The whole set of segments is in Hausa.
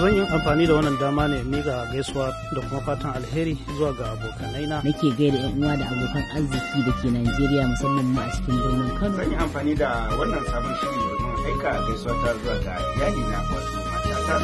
zan yi amfani da wannan dama ne ni ga gaisuwa da kuma fatan alheri zuwa ga abokanai na. Nake gaida yan uwa da abokan arziki da ke Najeriya musamman ma a cikin birnin Kano. Zan yi amfani da wannan sabon shiri domin aika gaisuwa ta zuwa ga iyali na wato matata.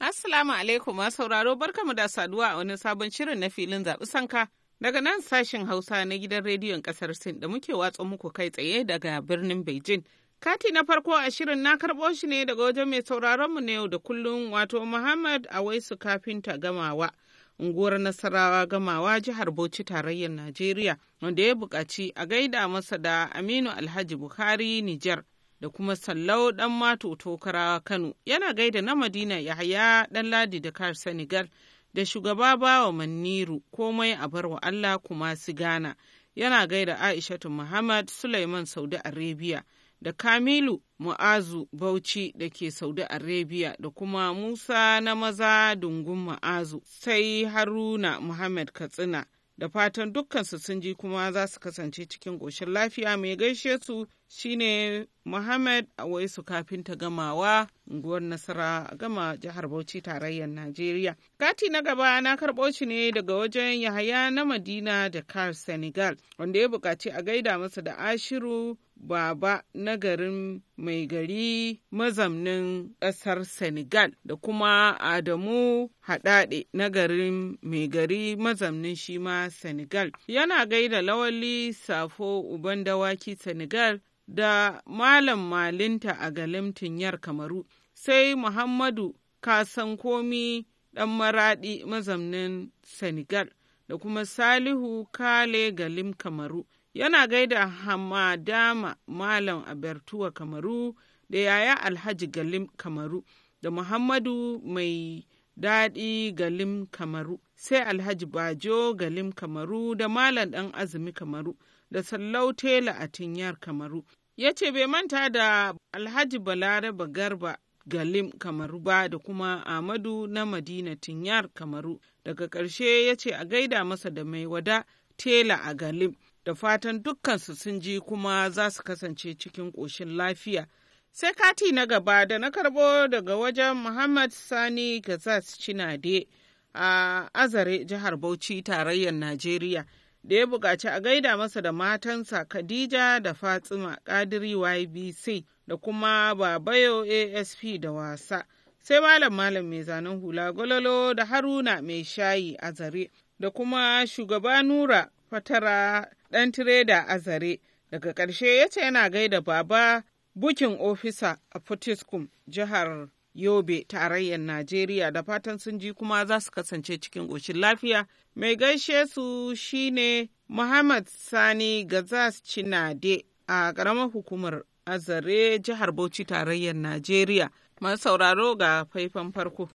Assalamu alaikum masu sauraro barkamu da saduwa a wani sabon shirin na filin zaɓi sanka daga nan sashen Hausa na gidan rediyon ƙasar Sin da muke watsa muku kai tsaye daga birnin Beijing Kati na farko a shirin na karɓo shi ne daga wajen mai sauraronmu na yau da kullum wato Muhammad Awaisu Kafinta Gamawa, unguwar Nasarawa Gamawa jihar Bauchi tarayyar Najeriya, wanda ya buƙaci a gaida masa da Aminu Alhaji Bukhari Nijar da kuma Sallau ɗan Mato Tokarawa Kano. Yana gaida na Madina Yahaya ɗan Ladi da Kar Senegal da shugaba Bawa Manniru komai a barwa Allah kuma su gana Yana gaida Aishatu Muhammad suleiman Saudi Arabia. da Kamilu Ma'azu Bauchi da ke Saudi Arabia da kuma Musa na maza dungun Ma'azu. sai Haruna Muhammad Katsina da fatan dukkansu sun ji kuma za su kasance cikin goshin lafiya mai gaishe su shine Muhammad Awaisu kafin ta gamawa unguwar Nasara gama jihar Bauchi tarayyar Najeriya. Kati na gaba na karɓo shi ne daga wajen Yahaya na Madina da Kar Senegal wanda ya buƙaci a gaida masa da Ashiru Baba na garin mai gari mazamnin ƙasar Senegal da kuma Adamu Haɗaɗe na garin mai gari mazamnin shi ma Senegal. Yana gaida Lawali Safo Uban Dawaki Senegal da Malam Malinta a galimtin yar Kamaru. Sai Muhammadu Kasan Komi ɗan maraɗi mazamnin Senegal da kuma Salihu Kale Galim Kamaru. yana gaida hamadama malam abertuwa kamaru da yaya alhaji galim kamaru da muhammadu mai daɗi galim kamaru sai alhaji bajo galim kamaru da malam ɗan azumi kamaru da sallau tela a tinyar kamaru ya ce bai manta da alhaji balaraba garba galim kamaru ba da kuma amadu na madina tinyar kamaru daga ƙarshe ya ce a gaida masa da mai wada tela a galim da fatan dukkansu sun ji kuma za su kasance cikin ƙoshin lafiya. Sai kati na gaba da na karɓo daga wajen Muhammad Sani Gazas Cinade a Azare jihar Bauchi tarayyar Najeriya da ya buƙaci a gaida masa da matansa Khadija da Fatima Kadiri YBC da kuma Babayo ASP da wasa. Sai Malam Malam mai zanen hula gololo da Haruna mai shayi a zare da kuma shugaba Nura fatara ɗan tireda a zare daga ƙarshe ya ce yana gaida baba bukin ofisa a fortiskum jihar yobe tarayyar najeriya da fatan sun ji kuma za su kasance cikin ƙoshin lafiya mai gaishe su shine muhammad sani gazas cinade a ƙaramar hukumar azare jihar bauchi tarayyar najeriya masu sauraro ga faifan farko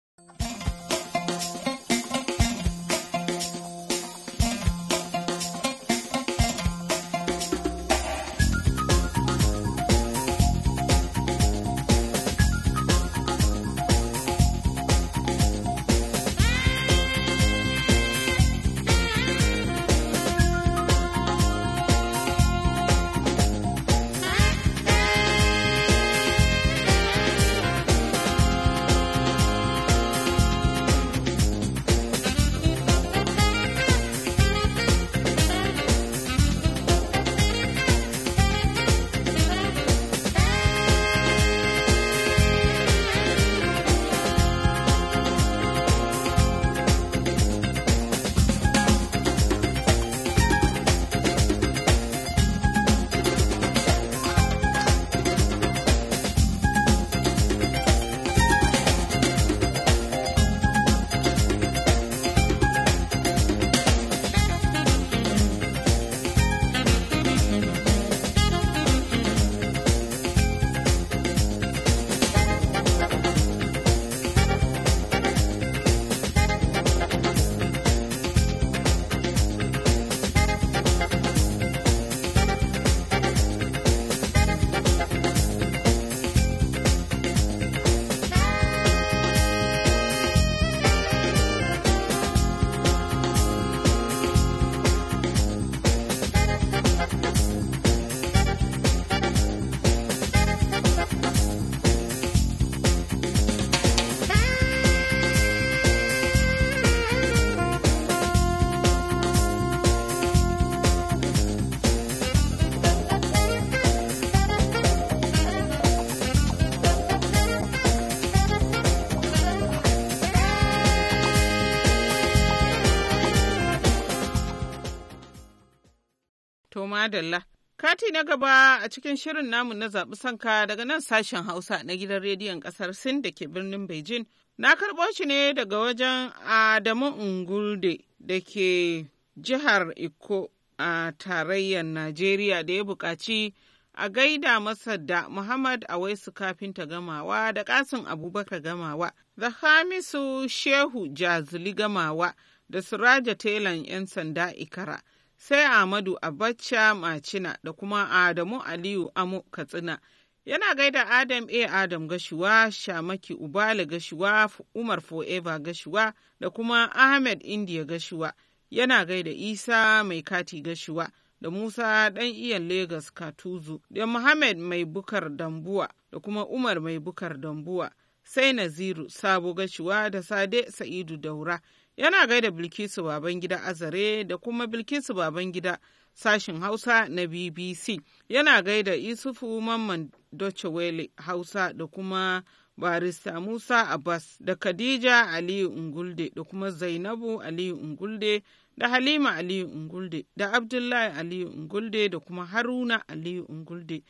madalla. Kati na gaba a cikin shirin namu na zaɓi sanka daga nan sashen Hausa na gidan rediyon ƙasar Sin da ke birnin Beijing. Na karɓo shi ne daga wajen Adamu Ungulde da ke jihar Iko a tarayyar Najeriya da ya buƙaci a gaida masa da Muhammad Awaisu kafinta gamawa da Kasim Abubakar gamawa da Hamisu Shehu Jazuli gamawa da Suraja Telan 'yan sanda Ikara. sai Ahmadu Abacha Macina da kuma Adamu Aliyu Amu Katsina. Yana gaida Adam A. Adam Gashuwa, Shamaki Ubali Gashuwa, Umar Forever Gashuwa da kuma Ahmed India Gashuwa. Yana gaida Isa Mai Kati Gashuwa da Musa Ɗan Iyan Legas Katuzu da Muhammad Mai Bukar Dambuwa da kuma Umar Mai Bukar Dambuwa. Sai Naziru Sabo Gashuwa da Sade Sa'idu Daura. yana gaida bilkisu babangida azare da kuma bilkisu babangida sashin hausa na bbc yana gaida isufu mamman dochewele hausa da kuma barista musa abbas da khadija aliyu ungulde da kuma zainabu aliyu ungulde da halima aliyu ungulde da abdullahi aliyu ungulde da kuma haruna aliyu ungulde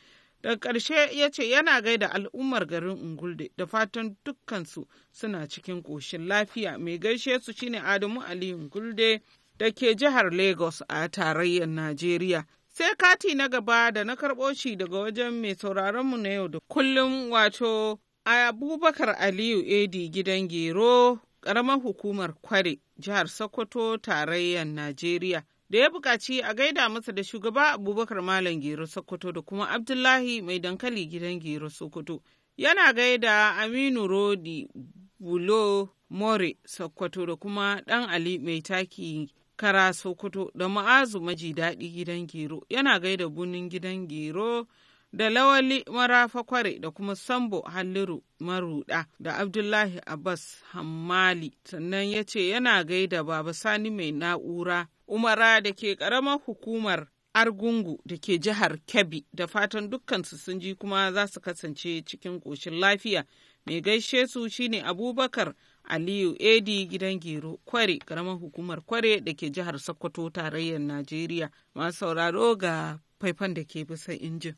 daga ƙarshe ya ce yana gaida al'ummar garin ungulde da fatan dukkansu suna cikin ƙoshin lafiya mai gaishe su shine adamu ali ungulde da ke jihar lagos a tarayyar najeriya sai kati na gaba da na karɓo shi daga wajen mai sauraronmu na yau da kullum wato a abubakar aliyu edi gidan gero ƙaramar hukumar kware jihar sokoto tarayyar najeriya da ya buƙaci a gaida masa da shugaba abubakar malam gero sokoto da kuma abdullahi mai dankali gidan gero sokoto yana gaida aminu rodi bulo more sokoto da kuma ɗan ali mai taki kara sokoto da ma'azu maji daɗi gidan gero yana gaida bunin gidan gero da lawali marafa kware da kuma sambo halliru Maruɗa da abdullahi abbas hammali sannan ya ce yana gaida baba sani mai na'ura umara da ke ƙaramar hukumar argungu da ke jihar kebbi da fatan dukkansu sun ji kuma za su kasance cikin ƙoshin lafiya mai gaishe su shine abubakar aliyu edi gidan gero kware ƙaramar hukumar kware da ke jihar sokoto tarayyar najeriya masu sauraro ga faifan da ke bisa injin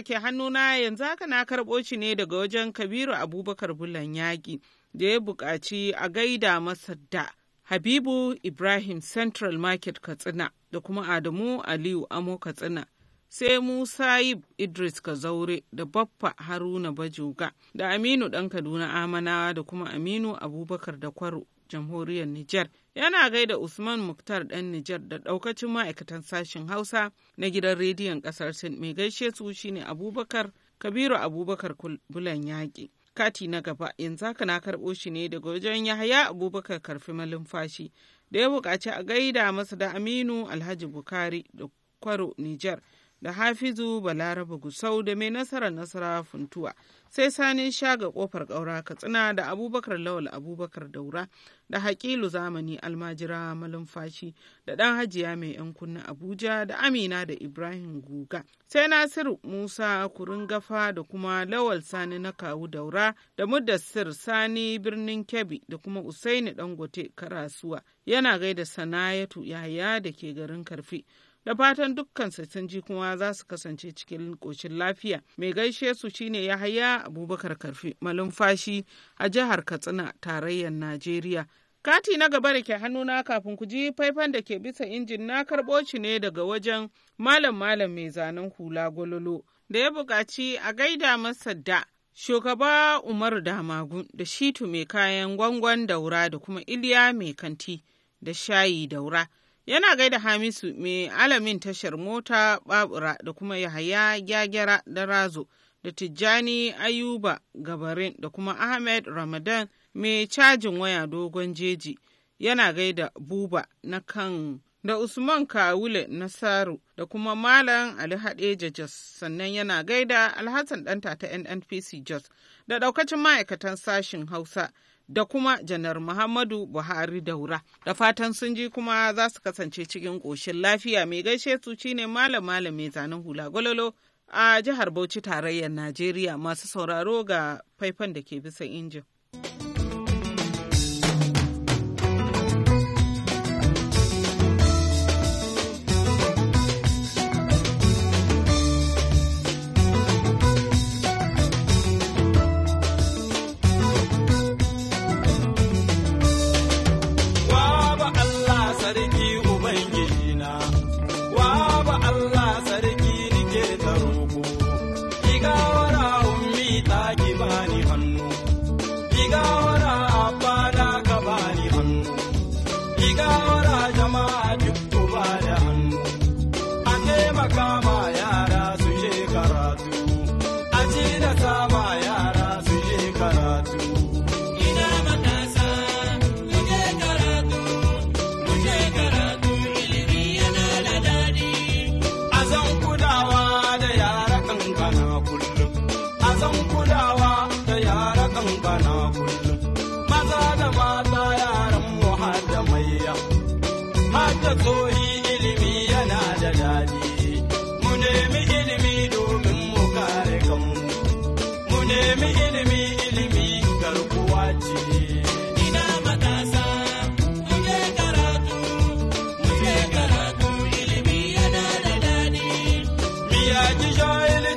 da ke hannuna yanzu haka na karɓo shi ne daga wajen Kabiru Abubakar Bulan Yaƙi da ya buƙaci a gaida masa da Habibu Ibrahim Central Market Katsina da kuma Adamu Aliyu Amo Katsina. sai Musa Yib Idris Kazaure da Baffa Haruna Bajoga da Aminu ɗan Kaduna Amanawa da kuma Aminu Abubakar da Kwaro jamhuriyar Nijar yana gaida Usman Muktar ɗan Nijar da ɗaukacin ma'aikatan sashen Hausa na gidan rediyon ƙasar Sin mai gaishe su shine Abubakar Kabiru Abubakar Bulan Yaƙi. Kati na gaba yanzu haka na karɓo shi ne daga wajen Yahaya Abubakar Karfi Malumfashi da ya buƙaci a gaida masa da Aminu Alhaji Bukari da Kwaro Nijar da hafizu balaraba gusau da mai nasara nasara funtuwa sai sani shaga kofar ƙaura katsina da abubakar lawal abubakar daura da haƙilu zamani almajira malumfashi da ɗan hajiya mai yan kunna abuja da amina da ibrahim guga sai nasiru musa kuringafa da kuma lawal sani na kawu daura da mudassir sani birnin kebbi da kuma usaini dangote karasuwa yana gaida sanayatu yahaya da ke garin karfi da fatan dukkan sun ji kuma za su kasance cikin ƙoshin lafiya mai gaishe su shine ya haya abubakar karfi malumfashi a jihar katsina tarayyar najeriya kati na gaba da ke hannuna kafin ku ji faifan da ke bisa injin na karɓo shi ne daga wajen malam malam mai zanen hula gololo da ya buƙaci a gaida masa da shugaba umar damagun da shitu mai kayan gwangon daura da kuma iliya mai kanti da shayi daura Yana gaida Hamisu mai alamin tashar mota babura da kuma Yahaya Gyagyara da Razo da Tijjani Ayuba Gabarin da kuma Ahmed Ramadan mai cajin waya dogon jeji. Yana gaida Buba na kan da Usman Kawule Nasaru da kuma Malam Ali Hadeja Jos sannan yana gaida Alhassan Danta ta NNPC Jos da daukacin ma'aikatan sashin Hausa da kuma janar Muhammadu Buhari Daura. Da fatan sun ji kuma za su kasance cikin ƙoshin lafiya mai gaishe su shine malam malam mai zanen hula gwalolo a jihar Bauchi tarayyar Najeriya masu sauraro ga faifan da ke bisa injin. it.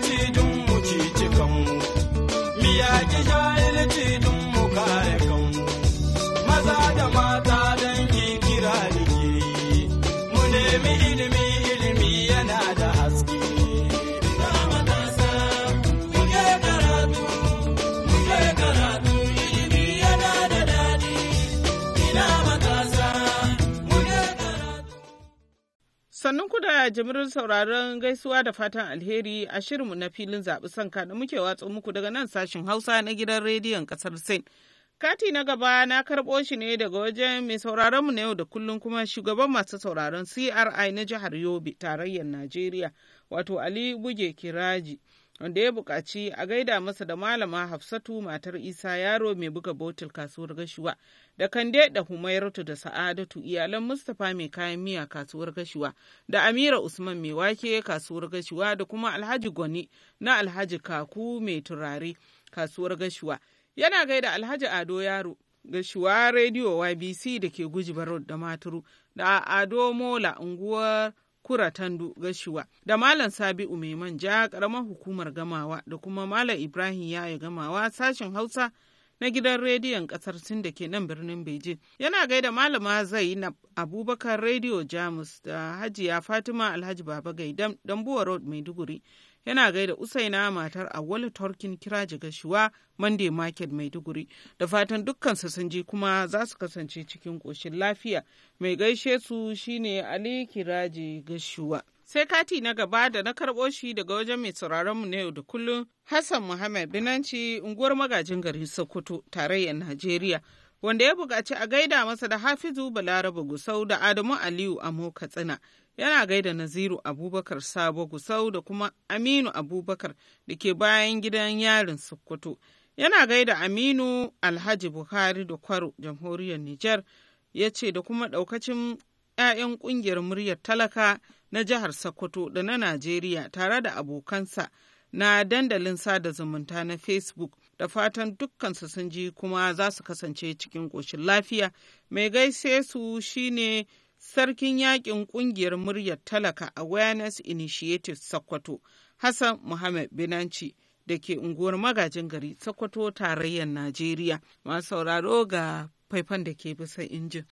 da jimirin sauraron gaisuwa da fatan alheri a shirinmu na filin zaɓi sanka da muke watsa muku daga nan sashin Hausa na gidan rediyon ƙasar Sin. Kati na gaba na karɓo shi ne daga wajen mai sauraronmu na yau da kullum kuma shugaban masu sauraron CRI na jihar Yobe tarayyar Najeriya wato Ali Buge Kiraji. wanda ya buƙaci a gaida masa da malama hafsatu matar isa yaro mai buga botul kasuwar gashuwa da kande da humairatu da sa'adatu iyalan mustapha mai kayan miya kasuwar gashuwa da amira usman mai wake kasuwar gashuwa da kuma alhaji gwani na alhaji kaku mai turare kasuwar gashuwa yana gaida alhaji ado yaro gashuwa rediyo ybc da ke guji da maturu da ado mola unguwar kura Kuratandu Gashiwa da Malam Sabi'u Mai Manja karamar hukumar Gamawa da kuma Malam Ibrahim Yaya Gamawa sashen Hausa na gidan rediyon kasar Sin da ke nan birnin Beijing. Yana gaida Malama Zainab Abubakar Rediyo Jamus da Hajiya Fatima Alhaji Baba Gaidam Dambuwa Road Maiduguri yana gaida usaina matar awwalu turkin kiraji gashuwa monday market maiduguri da fatan dukkan su sun ji kuma za su kasance cikin koshin lafiya mai gaishe su shine ali kiraji gashuwa sai kati na gaba da na karɓo shi daga wajen mai sauraron mu na yau da kullum hassan muhammad binanci unguwar magajin garin sokoto tarayyar najeriya wanda ya buƙaci a gaida masa da hafizu balarabe gusau da adamu aliyu amo katsina yana gaida Naziru Abubakar Sabo Gusau da kuma Aminu Abubakar da ke bayan gidan yarin Sokoto. Yana gaida Aminu Alhaji Buhari da Kwaro, jamhuriyar Nijar, ya ce da kuma ɗaukacin 'ya'yan ƙungiyar muryar talaka na jihar Sokoto da na Najeriya tare da abokansa na dandalin sada zumunta na Facebook da fatan dukkansu sun ji kuma za su kasance cikin ƙoshin lafiya. Mai gaishe su shine sarkin yakin kungiyar muryar talaka awareness initiative sokoto hassan muhammad binanci da ke unguwar magajin gari sokoto tarayyar najeriya masu sauraro ga faifan da ke bisa injin.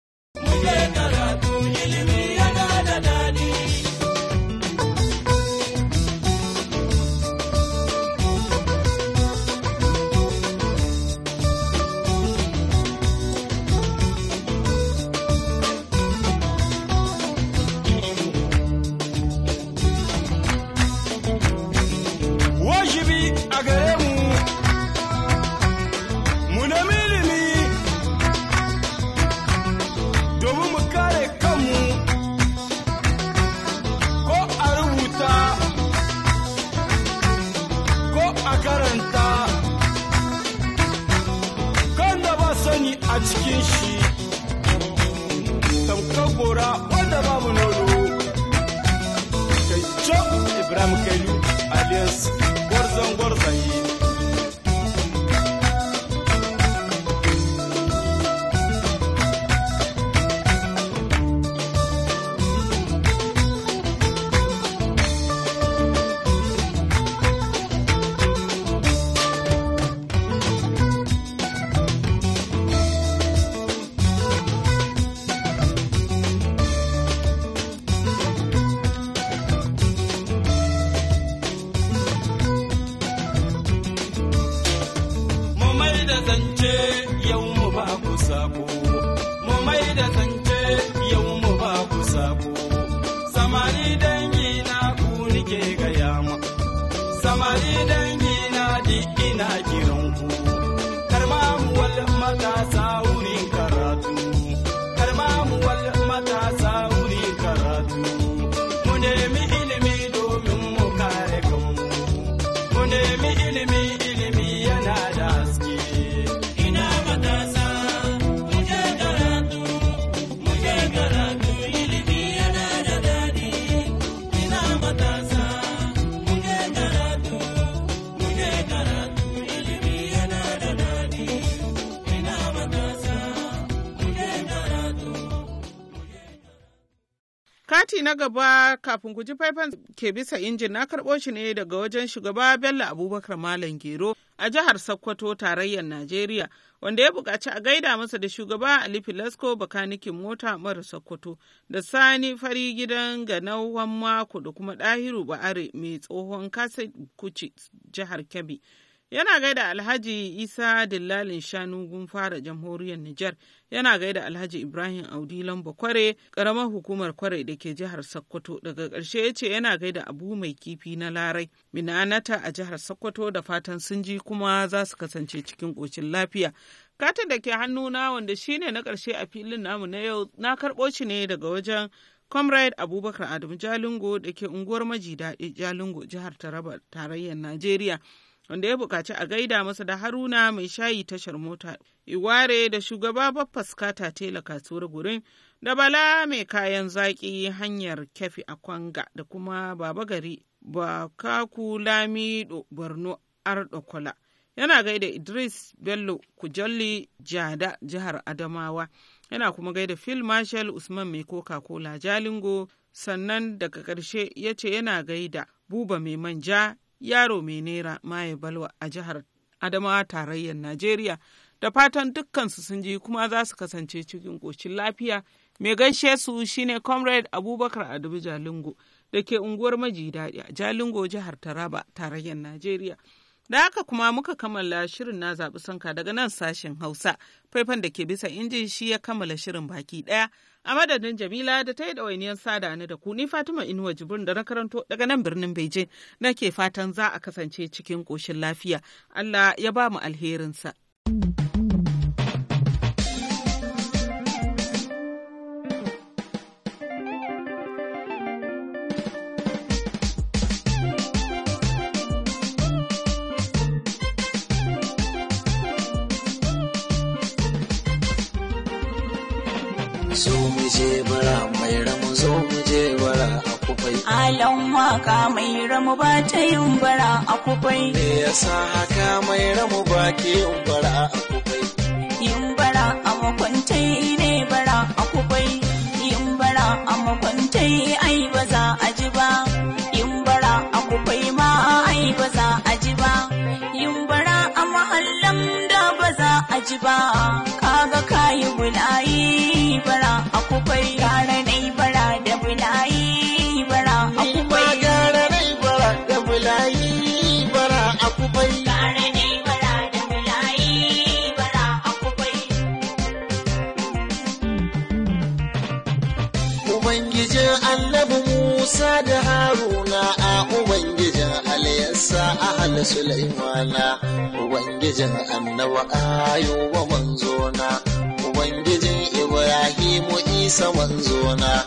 cikin shi tamkar gora wanda babu nono kai ibrahim kai na gaba kafin ku ji faifan ke bisa injin na karɓo shi ne daga wajen shugaba Bello Abubakar Malam Gero a jihar Sokoto tarayyar Najeriya wanda ya buƙaci a gaida masa da shugaba Ali Filasko bakanikin mota mara Sokoto da Sani fari gidan ganauwan mako da kuma ɗahiru ba'are mai tsohon kasa kuci jihar Kebbi. Yana gaida Alhaji Isa Dillalin Shanu gunfara Jamhuriyar Nijar, yana gaida Alhaji Ibrahim Audi Lamba Kware, karamar hukumar Kware da ke jihar Sokoto. Daga ƙarshe ya ce yana gaida Abu Mai Kifi na Larai, Minanata a jihar Sokoto da fatan sun ji kuma za su kasance cikin kocin lafiya. Katin da ke hannuna wanda shine na karshe a filin namu na yau na karɓo shi ne daga wajen Comrade Abubakar Adamu Jalingo da ke unguwar Maji Daɗi Jalingo jihar Taraba tarayyar Najeriya. wanda ya buƙaci a gaida masa da haruna mai shayi tashar mota iware da shugaba baffaskata tela kasuwar gurin da bala mai kayan zaƙi hanyar kyafi a kwanga da kuma baba gari ba kaku lamido borno ardokola yana gaida idris bello kujalli jada jihar adamawa yana kuma gaida phil marshal usman mai coca cola jalingo sannan daga ƙarshe ya ce yana gaida buba mai manja yaro mai naira maye balwa a jihar adamawa tarayyar najeriya da fatan dukkansu sun ji kuma za su kasance cikin ƙoshin lafiya mai gaishe su shine comrade abubakar adubu jalingo da ke unguwar maji daɗi a jalingo jihar taraba tarayyar najeriya Da haka kuma muka kammala shirin na zaɓi sanka daga nan sashen Hausa. Faifan da ke bisa injin shi ya kammala shirin baki ɗaya. A madadin Jamila da ta yi ɗawainiyar sada ni da ku ni Fatima Inuwa Jibrin da na karanto daga nan birnin Beijing nake fatan za a kasance cikin ƙoshin lafiya. Allah ya ba mu alherinsa. dan waka mai ramu ba ta yin bara a kufai. Me yasa haka mai ramu ba ke yin a kufai? Yin bara a makwantai ne bara a kufai. Sulaimana, Ubangijin annawa ayo wa manzona, Ubangijin Ibrahimu Isa manzona,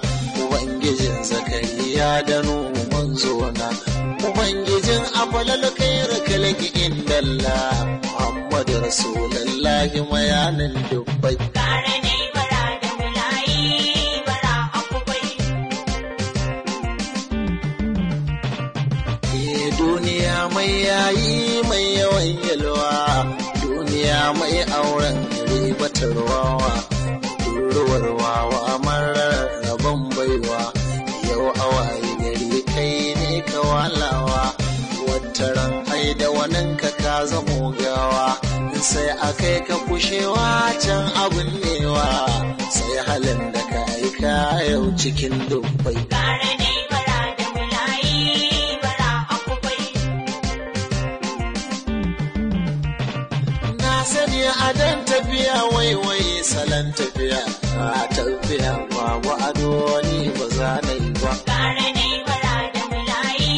Ubangijin Zakariya da Nuhu manzona, Ubangijin Afalal Kairu Kalaki Indalla, Muhammadu Rasulullahi mayanin dubbai. mai auren ribatar wawa turuwar wawa marar rabon baiwa yau awaye gari kai ne ka walawa wata ran da wanin ka ka zamo gawa sai akai ka kushewa can abin newa sai halin da ka aika yau cikin dubbai sani a dan tafiya wai wai salon tafiya a tafiya wa ado ni ba za na yi ba gara ne bara da mulayi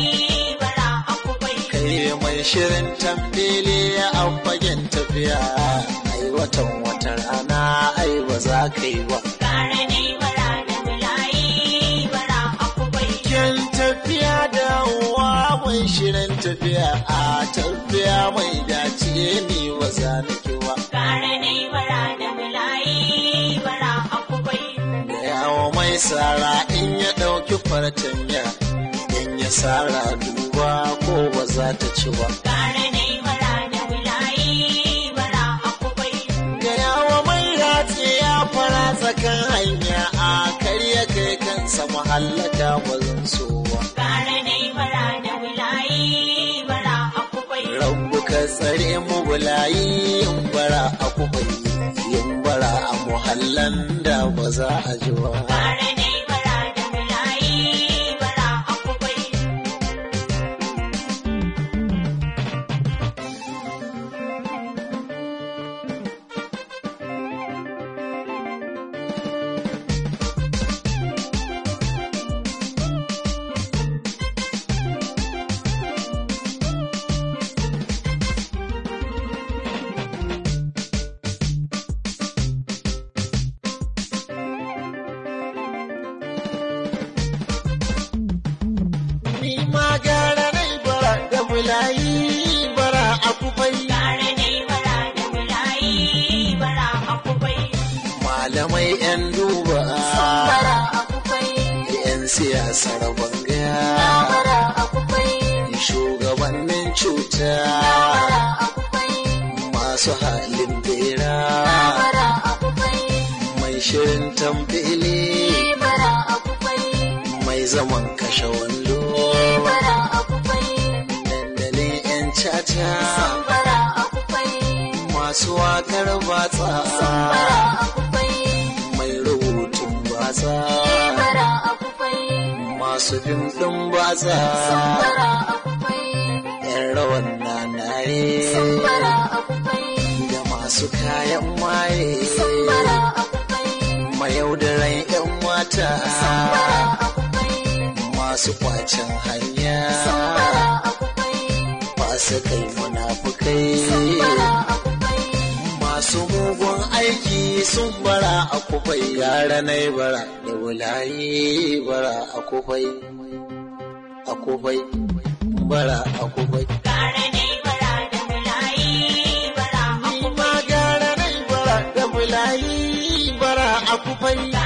bara a kubai kai mai shirin tambele a fagen tafiya ai watan wata rana ai ba za ka yi ba gara ne bara da mulayi bara a kubai kin tafiya da wa wai shirin tafiya a sara in ya ɗauki fartanya in ya sara duba ko ba za ta ci ba. Gaya wa mai ratse ya fara tsakan hanya a karya kai kansa mahallaka ba zan so ba. Rabbu ka tsare mu bulayi yin bara a kubai yin bara a muhallan da ba za a ji ba. siyasar banga shugabannin cuta masu halin bera mai shirin tamfili mai zaman kashe wando dandalin 'yan caca masu wakar batsa mai rubutun batsa masu dimdim batsa yan rawan nanaye da masu kayan maye mayaudaran yan mata masu kwacin hanya fasa kai munafukai masu mugun aiki sun bara a kufai yara na bara da bulayi bara a kufai a kufai bara a kufai gara bara da bulayi bara a kufai gara bara da bulayi bara a kufai